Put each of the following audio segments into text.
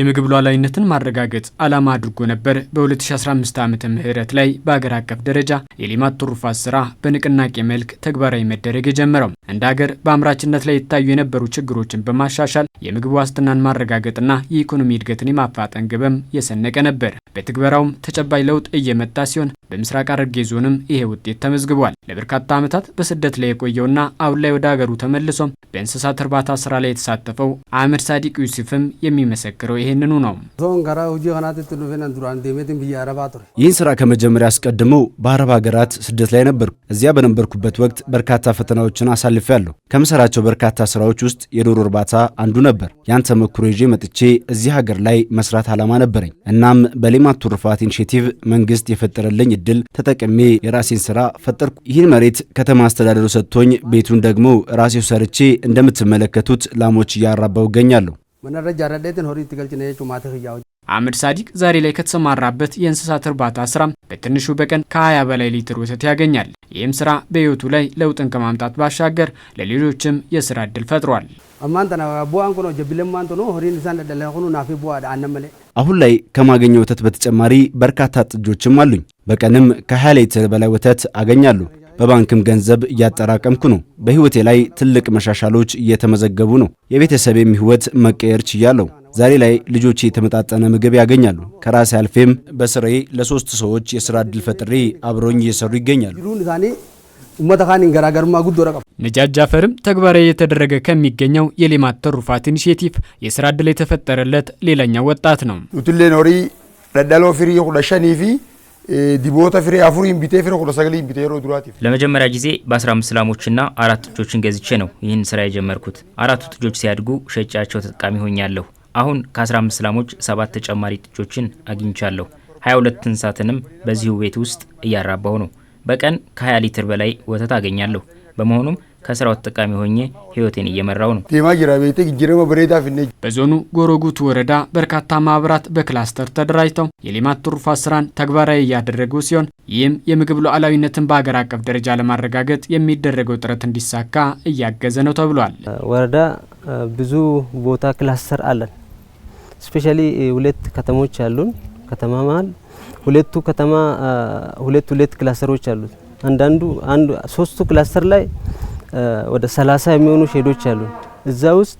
የምግብ ሉዓላዊነትን ማረጋገጥ ዓላማ አድርጎ ነበር በ2015 ዓመተ ምህረት ላይ በአገር አቀፍ ደረጃ የሌማት ትሩፋት ስራ በንቅናቄ መልክ ተግባራዊ መደረግ የጀመረው። እንደ አገር በአምራችነት ላይ የታዩ የነበሩ ችግሮችን በማሻሻል የምግብ ዋስትናን ማረጋገጥና የኢኮኖሚ እድገትን የማፋጠን ግብም የሰነቀ ነበር። በትግበራውም ተጨባጭ ለውጥ እየመጣ ሲሆን በምስራቅ ሐረርጌ ዞንም ይሄ ውጤት ተመዝግቧል። ለበርካታ ዓመታት በስደት ላይ የቆየውና አሁን ላይ ወደ አገሩ ተመልሶም በእንስሳት እርባታ ስራ ላይ የተሳተፈው አህመድ ሳዲቅ ዩሱፍም የሚመሰክረው ይሄ ይህንኑ ነው። ይህን ስራ ከመጀመሪያ አስቀድሞ በአረብ ሀገራት ስደት ላይ ነበርኩ። እዚያ በነበርኩበት ወቅት በርካታ ፈተናዎችን ያለሁ። ከምሰራቸው በርካታ ስራዎች ውስጥ የዶሮ እርባታ አንዱ ነበር። ያን ተመክሮ ይዤ መጥቼ እዚህ ሀገር ላይ መስራት ዓላማ ነበረኝ። እናም በሌማት ቱርፋት ኢኒሽቲቭ መንግስት የፈጠረልኝ እድል ተጠቅሜ የራሴን ስራ ፈጠርኩ። ይህን መሬት ከተማ አስተዳደሩ ሰጥቶኝ ቤቱን ደግሞ ራሴው ሰርቼ እንደምትመለከቱት ላሞች እያራባው እገኛለሁ። መነረ ረዳትን ሆሪ ትገልጭነ ጩማት ህያው አህመድ ሳዲቅ ዛሬ ላይ ከተሰማራበት የእንስሳት እርባታ ስራ በትንሹ በቀን ከ20 በላይ ሊትር ወተት ያገኛል። ይህም ስራ በህይወቱ ላይ ለውጥን ከማምጣት ባሻገር ለሌሎችም የስራ እድል ፈጥሯል። አሁን ላይ ከማገኘው ወተት በተጨማሪ በርካታ ጥጆችም አሉኝ። በቀንም ከ20 ሊትር በላይ ወተት አገኛሉ። በባንክም ገንዘብ እያጠራቀምኩ ነው። በህይወቴ ላይ ትልቅ መሻሻሎች እየተመዘገቡ ነው። የቤተሰቤም ህይወት መቀየር ችያለሁ። ዛሬ ላይ ልጆቼ የተመጣጠነ ምግብ ያገኛሉ። ከራሴ አልፌም በስሬ ለሶስት ሰዎች የስራ እድል ፈጥሬ አብሮኝ እየሰሩ ይገኛሉ። ነጃጅ ጃፈርም ተግባራዊ እየተደረገ ከሚገኘው የሌማት ትሩፋት ኢኒሽቲቭ የስራ እድል የተፈጠረለት ሌላኛው ወጣት ነው። ዩትሌ ኖሪ ደዳሎ ፊሪ ዲቦታ ፍሬ አፉሪ ቢቴ ፍሬ ሁሉ ሰገለ ቢቴ ሮ ዱራቲፍ ለመጀመሪያ ጊዜ በ15 ላሞችና አራት ጥጆችን ገዝቼ ነው ይህን ስራ የጀመርኩት። አራቱ ጥጆች ሲያድጉ ሸጫቸው ተጠቃሚ ሆኛለሁ። አሁን ከ15 ላሞች ሰባት ተጨማሪ ጥጆችን አግኝቻለሁ። 22 እንስሳትንም በዚሁ ቤት ውስጥ እያራባሁ ነው። በቀን ከ20 ሊትር በላይ ወተት አገኛለሁ። በመሆኑም ከስራው ተጠቃሚ ሆኜ ህይወቴን እየመራው ነው። በዞኑ ጎሮጉቱ ወረዳ በርካታ ማህበራት በክላስተር ተደራጅተው የሌማት ትሩፋት ስራን ተግባራዊ እያደረጉ ሲሆን ይህም የምግብ ሉዓላዊነትን በሀገር አቀፍ ደረጃ ለማረጋገጥ የሚደረገው ጥረት እንዲሳካ እያገዘ ነው ተብሏል። ወረዳ ብዙ ቦታ ክላስተር አለን። ስፔሻሊ ሁለት ከተሞች አሉን። ከተማ መሀል ሁለቱ ከተማ ሁለት ሁለት ክላስተሮች አሉት። አንዳንዱ አንዱ ሶስቱ ክላስተር ላይ ወደ 30 የሚሆኑ ሼዶች አሉ። እዛ ውስጥ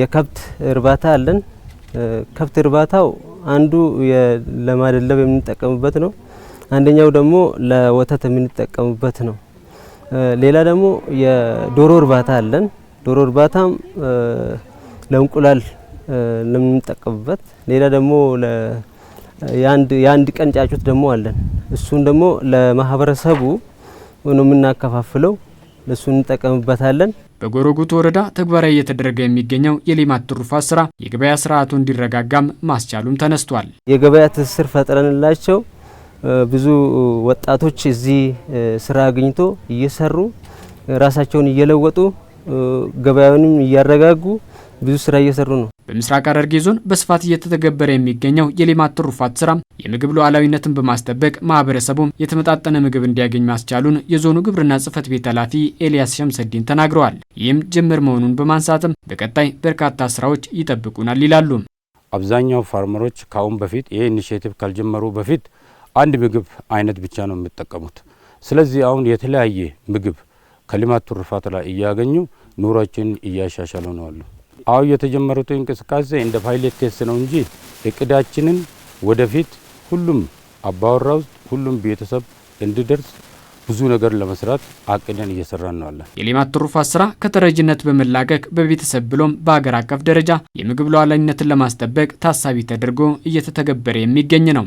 የከብት እርባታ አለን። ከብት እርባታው አንዱ ለማደለብ የምንጠቀምበት ነው። አንደኛው ደግሞ ለወተት የምንጠቀምበት ነው። ሌላ ደግሞ የዶሮ እርባታ አለን። ዶሮ እርባታም ለእንቁላል ለምንጠቀምበት ሌላ ደግሞ የአንድ ቀን ጫጩት ደግሞ አለን። እሱን ደግሞ ለማህበረሰቡ ነው የምናከፋፍለው። እሱ እንጠቀምበታለን። በጎሮጉቱ ወረዳ ተግባራዊ እየተደረገ የሚገኘው የሌማት ትሩፋት ስራ የገበያ ስርዓቱ እንዲረጋጋም ማስቻሉም ተነስቷል። የገበያ ትስስር ፈጥረንላቸው ብዙ ወጣቶች እዚህ ስራ አግኝቶ እየሰሩ ራሳቸውን እየለወጡ ገበያውንም እያረጋጉ ብዙ ስራ እየሰሩ ነው። በምስራቅ ሐረርጌ ዞን በስፋት እየተተገበረ የሚገኘው የሌማት ትሩፋት ስራ የምግብ ሉዓላዊነትን በማስጠበቅ ማህበረሰቡም የተመጣጠነ ምግብ እንዲያገኝ ማስቻሉን የዞኑ ግብርና ጽፈት ቤት ኃላፊ ኤልያስ ሸምሰዲን ተናግረዋል። ይህም ጅምር መሆኑን በማንሳትም በቀጣይ በርካታ ስራዎች ይጠብቁናል ይላሉ። አብዛኛው ፋርመሮች ከአሁን በፊት ይህ ኢኒሽቲቭ ካልጀመሩ በፊት አንድ ምግብ አይነት ብቻ ነው የሚጠቀሙት። ስለዚህ አሁን የተለያየ ምግብ ከሌማት ትሩፋት ላይ እያገኙ ኑሯችን እያሻሻሉ ነው አሉ። አሁን የተጀመሩት እንቅስቃሴ እንደ ፓይሌት ቴስት ነው እንጂ እቅዳችንን ወደፊት ሁሉም አባወራ ውስጥ ሁሉም ቤተሰብ እንዲደርስ ብዙ ነገር ለመስራት አቅደን እየሰራን ነው አለን። የሌማት ትሩፋት ስራ ከተረጅነት በመላቀቅ በቤተሰብ ብሎም በሀገር አቀፍ ደረጃ የምግብ ሉዓላዊነትን ለማስጠበቅ ታሳቢ ተደርጎ እየተተገበረ የሚገኝ ነው።